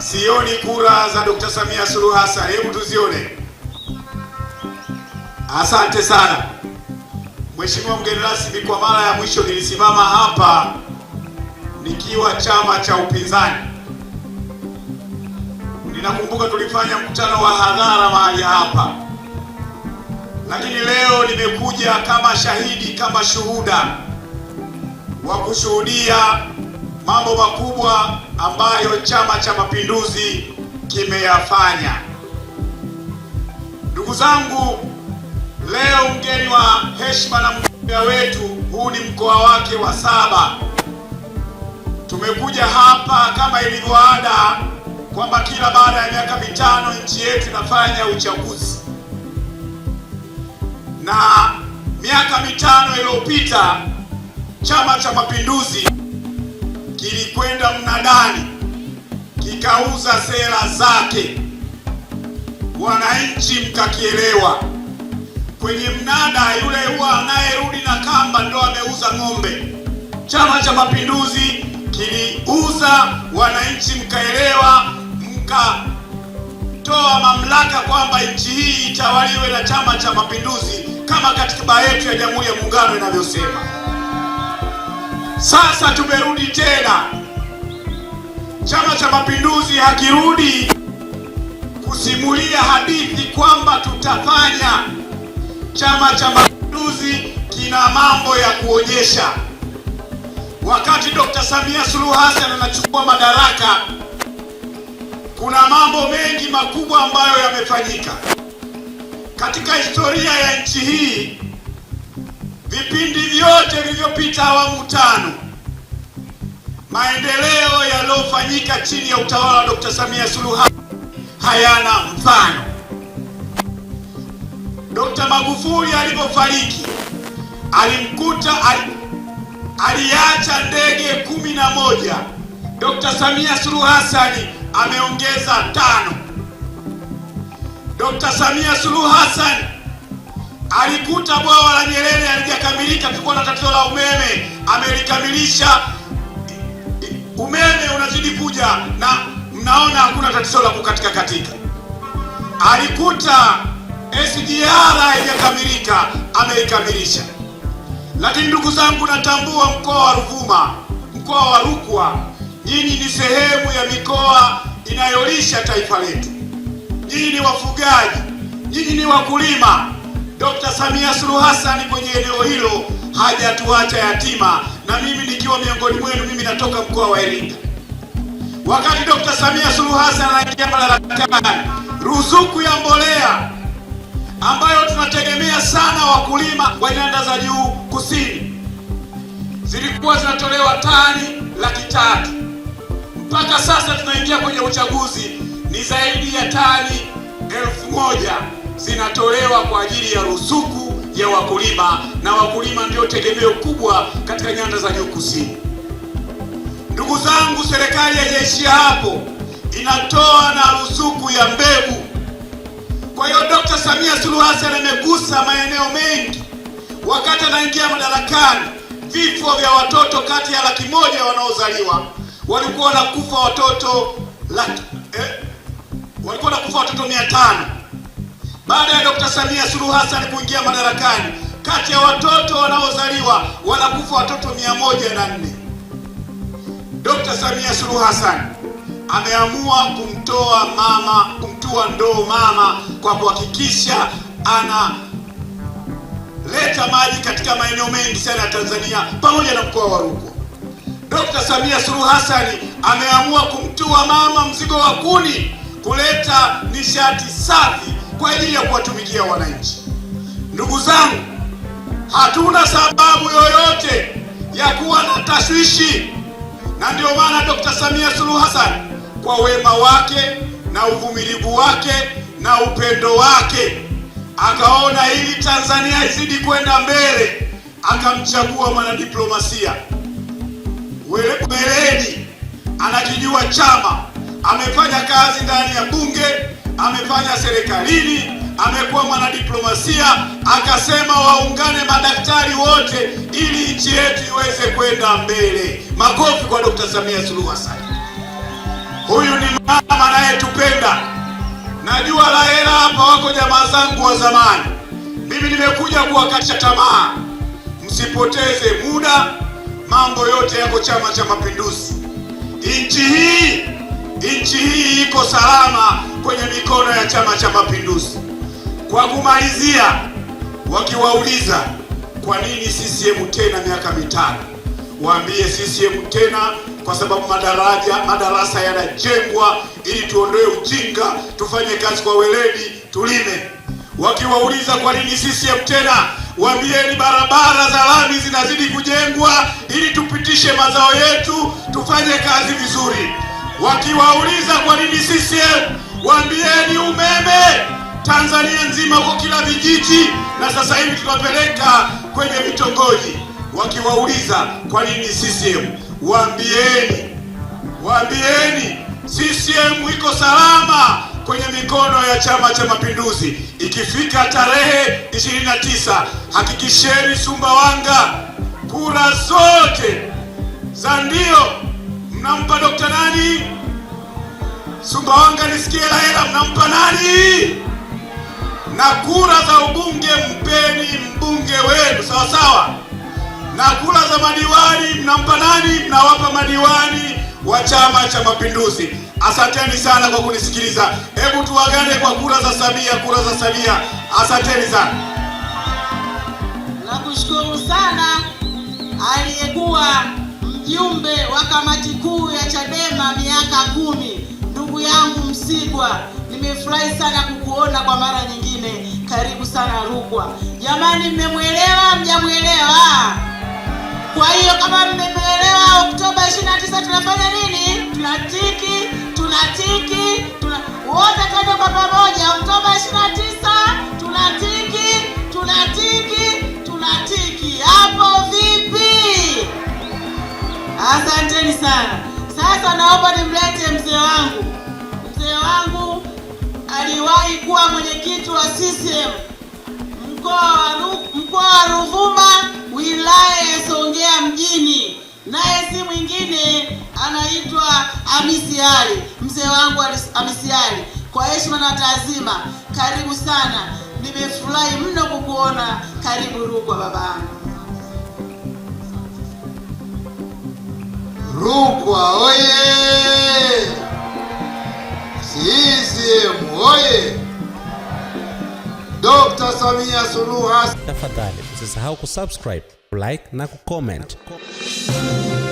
Sioni kura za Dkt. Samia Suluhu Hassan, hebu tuzione. Asante sana Mheshimiwa mgeni rasmi, kwa mara ya mwisho nilisimama hapa nikiwa chama cha upinzani. Ninakumbuka tulifanya mkutano wa hadhara mahali hapa, lakini leo nimekuja kama shahidi, kama shuhuda wa kushuhudia mambo makubwa ambayo Chama cha Mapinduzi kimeyafanya. Ndugu zangu, leo mgeni wa heshima na mgombea wetu, huu ni mkoa wake wa saba. Tumekuja hapa kama ilivyo ada kwamba kila baada ya miaka mitano nchi yetu inafanya uchaguzi, na miaka mitano iliyopita Chama cha Mapinduzi kilikwenda mnadani kikauza sera zake, wananchi mkakielewa. Kwenye mnada yule huwa anayerudi na kamba ndo ameuza ng'ombe. Chama cha Mapinduzi kiliuza, wananchi mkaelewa, mkatoa mamlaka kwamba nchi hii itawaliwe na Chama cha Mapinduzi kama katiba yetu ya Jamhuri ya Muungano inavyosema. Sasa tumerudi tena, Chama cha Mapinduzi hakirudi kusimulia hadithi kwamba tutafanya. Chama cha Mapinduzi kina mambo ya kuonyesha. Wakati Dr. Samia Suluhu Hassan anachukua madaraka, kuna mambo mengi makubwa ambayo yamefanyika katika historia ya nchi hii. Vipindi vyote vilivyopita awamu tano, maendeleo yaliyofanyika chini ya utawala wa Dkt. Samia Suluhu hayana mfano. Dkt. Magufuli alipofariki alimkuta aliacha ndege kumi na moja. Dkt. Samia Suluhu Hasani ameongeza tano. Dkt. Samia Suluhu Hasani Alikuta bwawa la Nyerere halijakamilika, kulikuwa na tatizo la umeme, amelikamilisha. Umeme unazidi kuja na mnaona hakuna tatizo la kukatika katika. Alikuta SGR haijakamilika, ameikamilisha. Lakini ndugu zangu, natambua mkoa wa Ruvuma, mkoa wa Rukwa, nyinyi ni sehemu ya mikoa inayolisha taifa letu. Nyinyi ni wafugaji, nyinyi ni wakulima Dkt. Samia Suluhu Hassan kwenye eneo hilo hajatuacha yatima, na mimi nikiwa miongoni mwenu, mimi natoka mkoa wa Iringa. Wakati Dkt. Samia Suluhu Hassan anaingia madarakani, ruzuku ya mbolea ambayo tunategemea sana wakulima wa nyanda za juu kusini zilikuwa zinatolewa tani laki tatu mpaka sasa tunaingia kwenye uchaguzi ni zaidi ya tani elfu moja zinatolewa kwa ajili ya ruzuku ya wakulima, na wakulima ndio tegemeo kubwa katika nyanda za juu kusini. Ndugu zangu, serikali haijaishia hapo, inatoa na ruzuku ya mbegu. Kwa hiyo Dkt. Samia Suluhu Hassan amegusa maeneo mengi. Wakati anaingia madarakani, vifo vya watoto kati ya laki moja wanaozaliwa walikuwa wanakufa watoto laki, eh, walikuwa wanakufa watoto mia tano baada ya Dkt. Samia Suluhu Hassan kuingia madarakani, kati ya watoto wanaozaliwa wanakufa watoto mia moja na nne. Dkt. Samia Suluhu Hassan ameamua kumtoa mama, kumtua ndoo mama kwa kuhakikisha analeta maji katika maeneo mengi sana ya Tanzania pamoja na mkoa wa Rukwa. Dkt. Samia Suluhu Hassan ameamua kumtua mama mzigo wa kuni kuleta nishati safi kwa ajili ya kuwatumikia wananchi. Ndugu zangu, hatuna sababu yoyote ya kuwa na tashwishi, na ndio maana Dr. Samia Suluhu Hassan kwa wema wake na uvumilivu wake na upendo wake akaona ili Tanzania izidi kwenda mbele, akamchagua mwanadiplomasia weledi, anakijua chama, amefanya kazi ndani ya bunge amefanya serikalini, amekuwa mwanadiplomasia, akasema waungane madaktari wote ili nchi yetu iweze kwenda mbele. Makofi kwa Dr. Samia Suluhu Hassan. Huyu ni mama anayetupenda. Najua la hela hapa wako jamaa zangu wa zamani, mimi nimekuja kuwakatisha tamaa. Msipoteze muda, mambo yote yako Chama cha Mapinduzi. Nchi hii Nchi hii iko salama kwenye mikono ya Chama cha Mapinduzi. Kwa kumalizia, wakiwauliza kwa nini CCM tena miaka mitano, waambie CCM tena kwa sababu madaraja madarasa yanajengwa ili tuondoe ujinga, tufanye kazi kwa weledi, tulime. Wakiwauliza kwa nini CCM tena, waambieni barabara za lami zinazidi kujengwa ili tupitishe mazao yetu, tufanye kazi vizuri wakiwauliza kwa nini CCM, waambieni umeme Tanzania nzima kwa kila vijiji, na sasa hivi tunapeleka kwenye vitongoji. Wakiwauliza kwa nini CCM, waambieni waambieni CCM iko salama kwenye mikono ya Chama cha Mapinduzi. Ikifika tarehe 29, hakikisheni Sumbawanga kura zote za ndio mnampa dokta nani? Sumbawanga nisikie la hela mnampa nani? Na kura za ubunge mpeni mbunge wenu, sawa sawa. Na kura za madiwani mnampa nani? Mnawapa madiwani wa Chama cha Mapinduzi. Asanteni sana kwa kunisikiliza. Hebu tuwagane kwa kura za Samia, kura za Samia. Asanteni sana, nakushukuru sana aliyekuwa mjumbe wa kamati kuu ya Chadema miaka kumi, ndugu yangu Msigwa, nimefurahi sana kukuona kwa mara nyingine. Karibu sana Rukwa. Jamani, mmemwelewa mjamwelewa? Kwa hiyo kama mmemwelewa, Oktoba 29 tunafanya nini? Tunatiki, tunatiki, tuna wote, twende kwa pamoja Oktoba 29. Asanteni sana. Sasa naomba nimlete mzee wangu. Mzee wangu aliwahi kuwa mwenyekiti wa CCM mkoa wa Ruvuma, wilaya ya Songea mjini, naye si mwingine anaitwa Hamisi Ali. Mzee wangu Hamisi Ali, kwa heshima na taazima, karibu sana. Nimefurahi mno kukuona. Karibu Rukwa babaangu Samia Suluhu Hassan. Tafadhali usisahau kusubscribe, like na kucomment. Na